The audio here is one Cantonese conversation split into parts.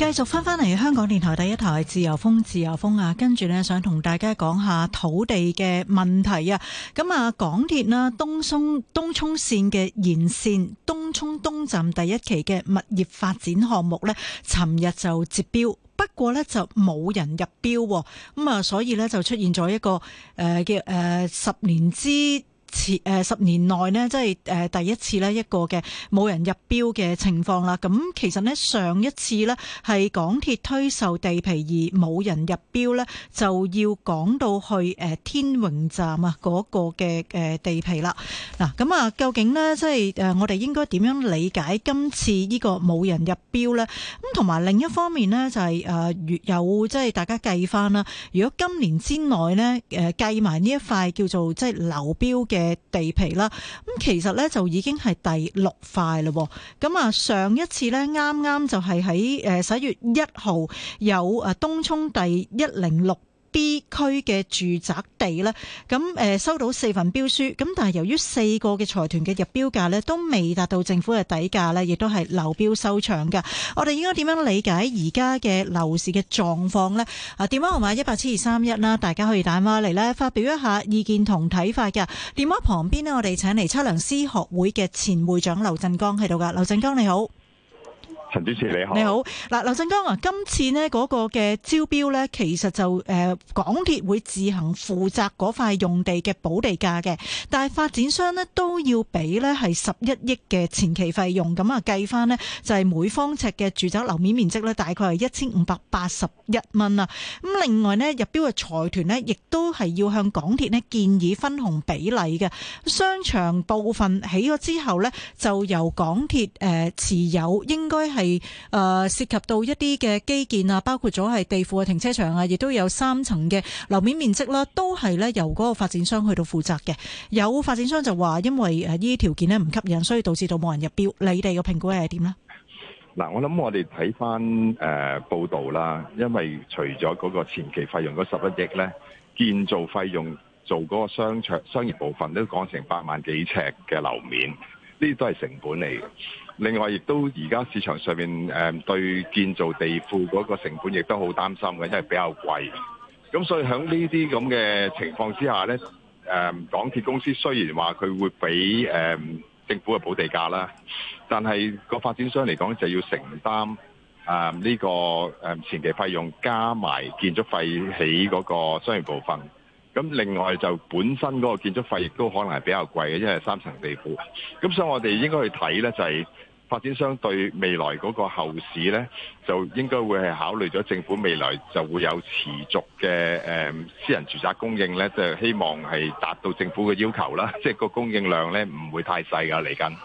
繼續翻翻嚟香港電台第一台《自由風》，自由風啊！跟住呢，想同大家講下土地嘅問題啊！咁啊，港鐵啦，東涌東涌綫嘅延綫，東涌東站第一期嘅物業發展項目呢，尋日就截標，不過呢，就冇人入標，咁啊，所以呢，就出現咗一個誒、呃、叫誒、呃、十年之。次誒十年內咧，即係誒第一次咧，一個嘅冇人入標嘅情況啦。咁其實咧，上一次咧係港鐵推售地皮而冇人入標咧，就要講到去誒天榮站啊嗰個嘅誒地皮啦。嗱，咁啊，究竟咧即係誒我哋應該點樣理解今次呢個冇人入標咧？咁同埋另一方面咧就係、是、誒有即係大家計翻啦。如果今年之內咧誒計埋呢一塊叫做即係流標嘅。地皮啦，咁其實咧就已經係第六塊嘞，咁啊上一次咧啱啱就係喺誒十一月一號有誒東涌第一零六。B 區嘅住宅地呢，咁誒收到四份標書，咁但係由於四個嘅財團嘅入標價呢，都未達到政府嘅底價呢，亦都係流標收場噶。我哋應該點樣理解而家嘅樓市嘅狀況呢？啊，電話號碼一八七二三一啦，1，大家可以打電話嚟，呢發表一下意見同睇法㗎。電話旁邊呢，我哋請嚟測量師學會嘅前會長劉振江喺度噶。劉振江你好。陳主持你好，你好。嗱，劉振江啊，今次呢嗰個嘅招標呢，其實就誒、呃，港鐵會自行負責嗰塊用地嘅補地價，嘅但係發展商呢，都要俾呢係十一億嘅前期費用，咁啊計翻呢就係、是、每方尺嘅住宅樓面面積呢，大概係一千五百八十一蚊啦。咁另外呢，入標嘅財團呢，亦都係要向港鐵呢建議分紅比例嘅，商場部分起咗之後呢，就由港鐵誒、呃、持有，應該係。係誒，是涉及到一啲嘅基建啊，包括咗係地庫嘅停車場啊，亦都有三層嘅樓面面積啦，都係咧由嗰個發展商去到負責嘅。有發展商就話，因為誒呢啲條件咧唔吸引，所以導致到冇人入標。你哋嘅評估係點呢？嗱，我諗我哋睇翻誒報道啦，因為除咗嗰個前期費用嗰十一億咧，建造費用做嗰個商場商業部分都講成八萬幾尺嘅樓面，呢啲都係成本嚟嘅。另外，亦都而家市場上面誒、嗯、對建造地庫嗰個成本亦都好擔心嘅，因為比較貴。咁所以喺呢啲咁嘅情況之下咧，誒、嗯、港鐵公司雖然話，佢會俾誒政府嘅補地價啦，但係個發展商嚟講，就要承擔誒呢個誒、嗯、前期費用加埋建築費起嗰個商業部分。咁另外就本身嗰個建築費亦都可能係比較貴嘅，因為三層地庫，咁所以我哋應該去睇咧就係、是。發展商對未來嗰個後市呢，就應該會係考慮咗政府未來就會有持續嘅誒、呃、私人住宅供應呢就希望係達到政府嘅要求啦。即係個供應量呢唔會太細噶，嚟緊。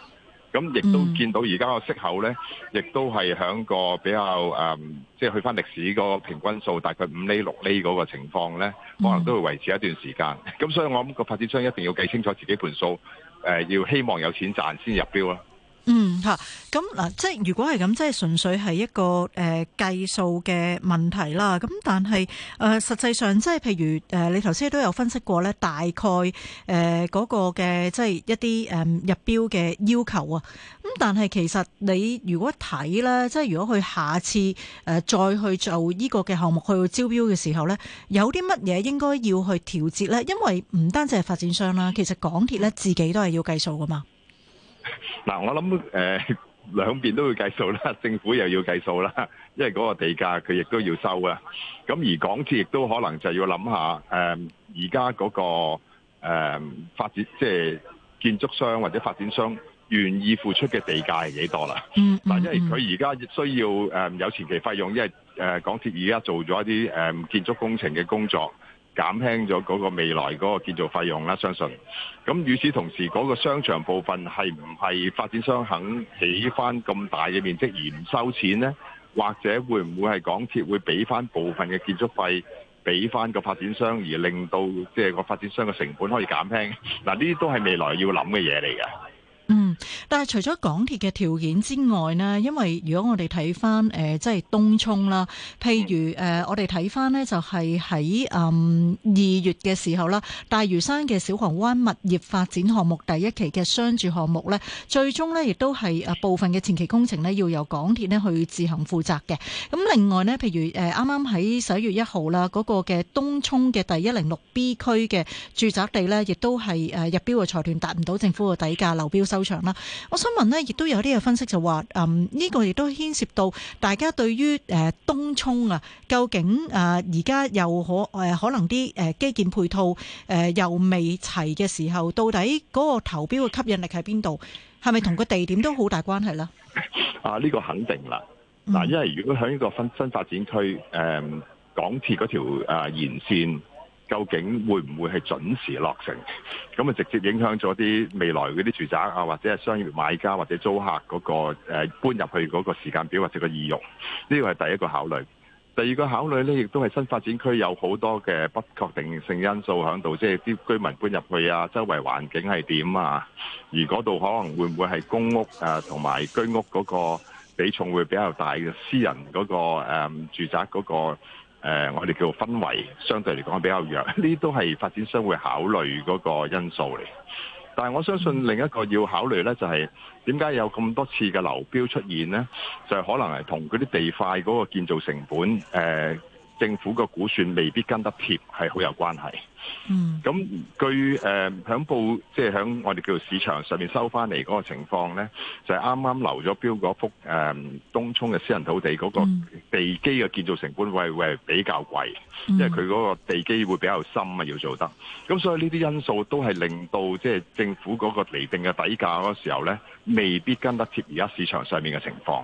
咁亦都見到而家個息口呢，亦都係喺個比較誒、呃，即係去返歷史個平均數，大概五厘六厘嗰個情況呢，可能都會維持一段時間。咁所以我諗個發展商一定要計清楚自己盤數，誒、呃、要希望有錢賺先入標啦。嗯吓，咁嗱，即係如果係咁，即係純粹係一個誒計數嘅問題啦。咁但係誒、呃、實際上，即係譬如誒、呃、你頭先都有分析過咧，大概誒嗰、呃那個嘅即係一啲誒、嗯、入標嘅要求啊。咁但係其實你如果睇咧，即係如果佢下次誒、呃、再去做呢個嘅項目去招標嘅時候咧，有啲乜嘢應該要去調節咧？因為唔單止係發展商啦，其實港鐵咧自己都係要計數噶嘛。嗱，我諗誒、呃，兩邊都要計數啦，政府又要計數啦，因為嗰個地價佢亦都要收啊。咁而港鐵亦都可能就要諗下誒，而家嗰個誒、呃、發展即係建築商或者發展商願意付出嘅地價係幾多啦？嗱、嗯，嗯、但因為佢而家需要誒、呃、有前期費用，因為、呃、港鐵而家做咗一啲、呃、建築工程嘅工作。減輕咗嗰個未來嗰個建造費用啦，相信。咁與此同時，嗰個商場部分係唔係發展商肯起翻咁大嘅面積而唔收錢呢？或者會唔會係港鐵會俾翻部分嘅建築費俾翻個發展商，而令到即係個發展商嘅成本可以減輕？嗱，呢啲都係未來要諗嘅嘢嚟嘅。嗯。但係除咗港鐵嘅條件之外呢，因為如果我哋睇翻誒，即係東涌啦，譬如誒、呃，我哋睇翻呢，就係喺誒二月嘅時候啦，大嶼山嘅小蠔灣物業發展項目第一期嘅商住項目呢，最終呢，亦都係誒部分嘅前期工程呢，要由港鐵呢去自行負責嘅。咁另外呢，譬如誒啱啱喺十一月一號啦，嗰、那個嘅東涌嘅第一零六 B 區嘅住宅地呢，亦都係誒入標嘅財團達唔到政府嘅底價，流標收場。我想問呢，亦都有啲嘅分析就話，嗯，呢個亦都牽涉到大家對於誒東涌啊，究竟誒而家又可誒可能啲誒基建配套誒又未齊嘅時候，到底嗰個投標嘅吸引力喺邊度？係咪同個地點都好大關係呢？啊，呢個肯定啦，嗱，因為如果喺呢個新新發展區，誒、嗯、港鐵嗰條誒、啊、延線。究竟會唔會係準時落成？咁啊，直接影響咗啲未來嗰啲住宅啊，或者係商業買家或者租客嗰、那個、呃、搬入去嗰個時間表或者個意欲，呢個係第一個考慮。第二個考慮呢，亦都係新發展區有好多嘅不確定性因素喺度，即係啲居民搬入去啊，周圍環境係點啊？而嗰度可能會唔會係公屋啊，同埋居屋嗰個比重會比較大嘅私人嗰、那個、嗯、住宅嗰、那個？誒、呃，我哋叫氛圍，相對嚟講比較弱，呢啲都係發展商會考慮嗰個因素嚟。但係我相信另一個要考慮呢、就是，就係點解有咁多次嘅流標出現呢？就係、是、可能係同嗰啲地塊嗰個建造成本誒。呃政府個估算未必跟得貼，係好有關係。嗯，咁據誒響報，即係響我哋叫做市場上面收翻嚟嗰個情況咧，就係啱啱流咗標嗰幅誒、嗯、東涌嘅私人土地嗰個地基嘅建造成本，會會比較貴，因為佢嗰個地基會比較深啊，要做得。咁所以呢啲因素都係令到即係政府嗰個釐定嘅底價嗰時候咧，未必跟得貼而家市場上面嘅情況。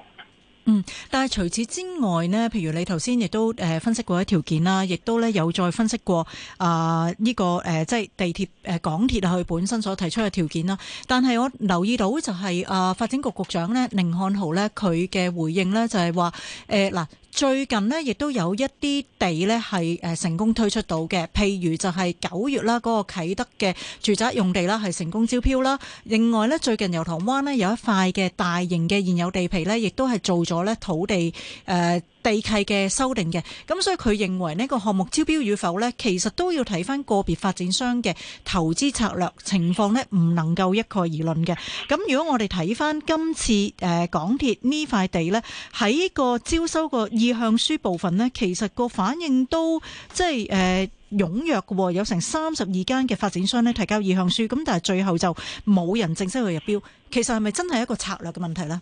嗯，但係除此之外呢，譬如你頭先亦都誒分析過一條件啦，亦都咧有再分析過啊呢、呃這個誒即係地鐵誒、呃、港鐵佢本身所提出嘅條件啦。但係我留意到就係、是、啊、呃、發展局局長呢寧漢豪呢佢嘅回應呢就係話誒嗱。呃最近呢，亦都有一啲地呢係成功推出到嘅，譬如就係九月啦嗰個啟德嘅住宅用地啦，係成功招標啦。另外呢，最近油塘灣呢有一塊嘅大型嘅現有地皮呢，亦都係做咗呢土地誒。呃地契嘅修訂嘅，咁所以佢認為呢個項目招標與否呢，其實都要睇翻個別發展商嘅投資策略情況呢，唔能夠一概而論嘅。咁如果我哋睇翻今次誒、呃、港鐵呢塊地呢，喺個招收個意向書部分呢，其實個反應都即係誒、呃、踴躍嘅，有成三十二間嘅發展商呢提交意向書，咁但係最後就冇人正式去入標，其實，係咪真係一個策略嘅問題呢？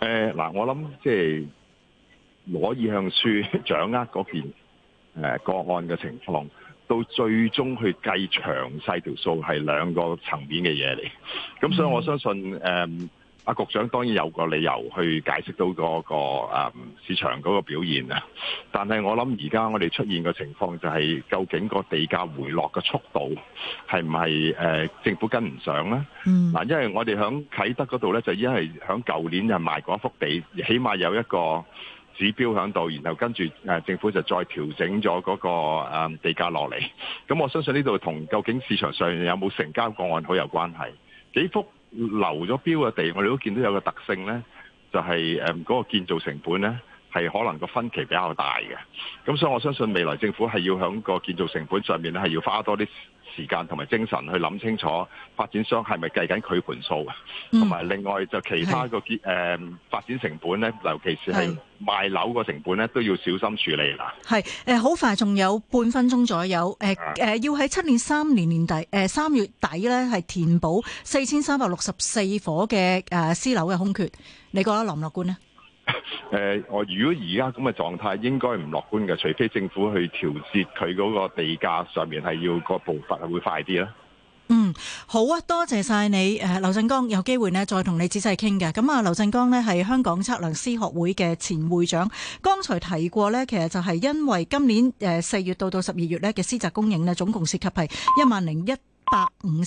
誒嗱、呃，我諗即係。攞意向書掌握嗰件誒、呃、個案嘅情況，到最終去計詳細條數，係兩個層面嘅嘢嚟。咁所以我相信誒阿、嗯嗯啊、局長當然有個理由去解釋到嗰、那個、嗯、市場嗰個表現，但係我諗而家我哋出現嘅情況就係、是、究竟個地價回落嘅速度係唔係政府跟唔上咧？嗱、嗯啊，因為我哋響啟德嗰度咧，就依家係響舊年就賣嗰一幅地，起碼有一個。指標響度，然後跟住誒政府就再調整咗嗰個誒地價落嚟。咁我相信呢度同究竟市場上有冇成交個案好有關係。幾幅流咗標嘅地，我哋都見到有個特性呢，就係誒嗰個建造成本呢係可能個分歧比較大嘅。咁所以我相信未來政府係要響個建造成本上面咧係要花多啲時間同埋精神去諗清楚發展商係咪計緊佢盤數，同埋、嗯、另外就其他個結誒發展成本咧，是尤其是係賣樓個成本咧，都要小心處理啦。係誒，好快仲有半分鐘左右誒誒、呃呃，要喺七年三年年底誒三、呃、月底咧，係填補四千三百六十四伙嘅誒私樓嘅空缺，你覺得樂唔樂觀咧？誒， 我如果而家咁嘅狀態，應該唔樂觀嘅，除非政府去調節佢嗰個地價上面係要個步伐係會快啲啦。嗯，好啊，多謝晒你，誒，劉振江，有機會呢再同你仔細傾嘅。咁啊，劉振江呢係香港測量師學會嘅前會長，剛才提過呢，其實就係因為今年誒四月到到十二月呢嘅私宅供應呢，總共涉及係一萬零一百五。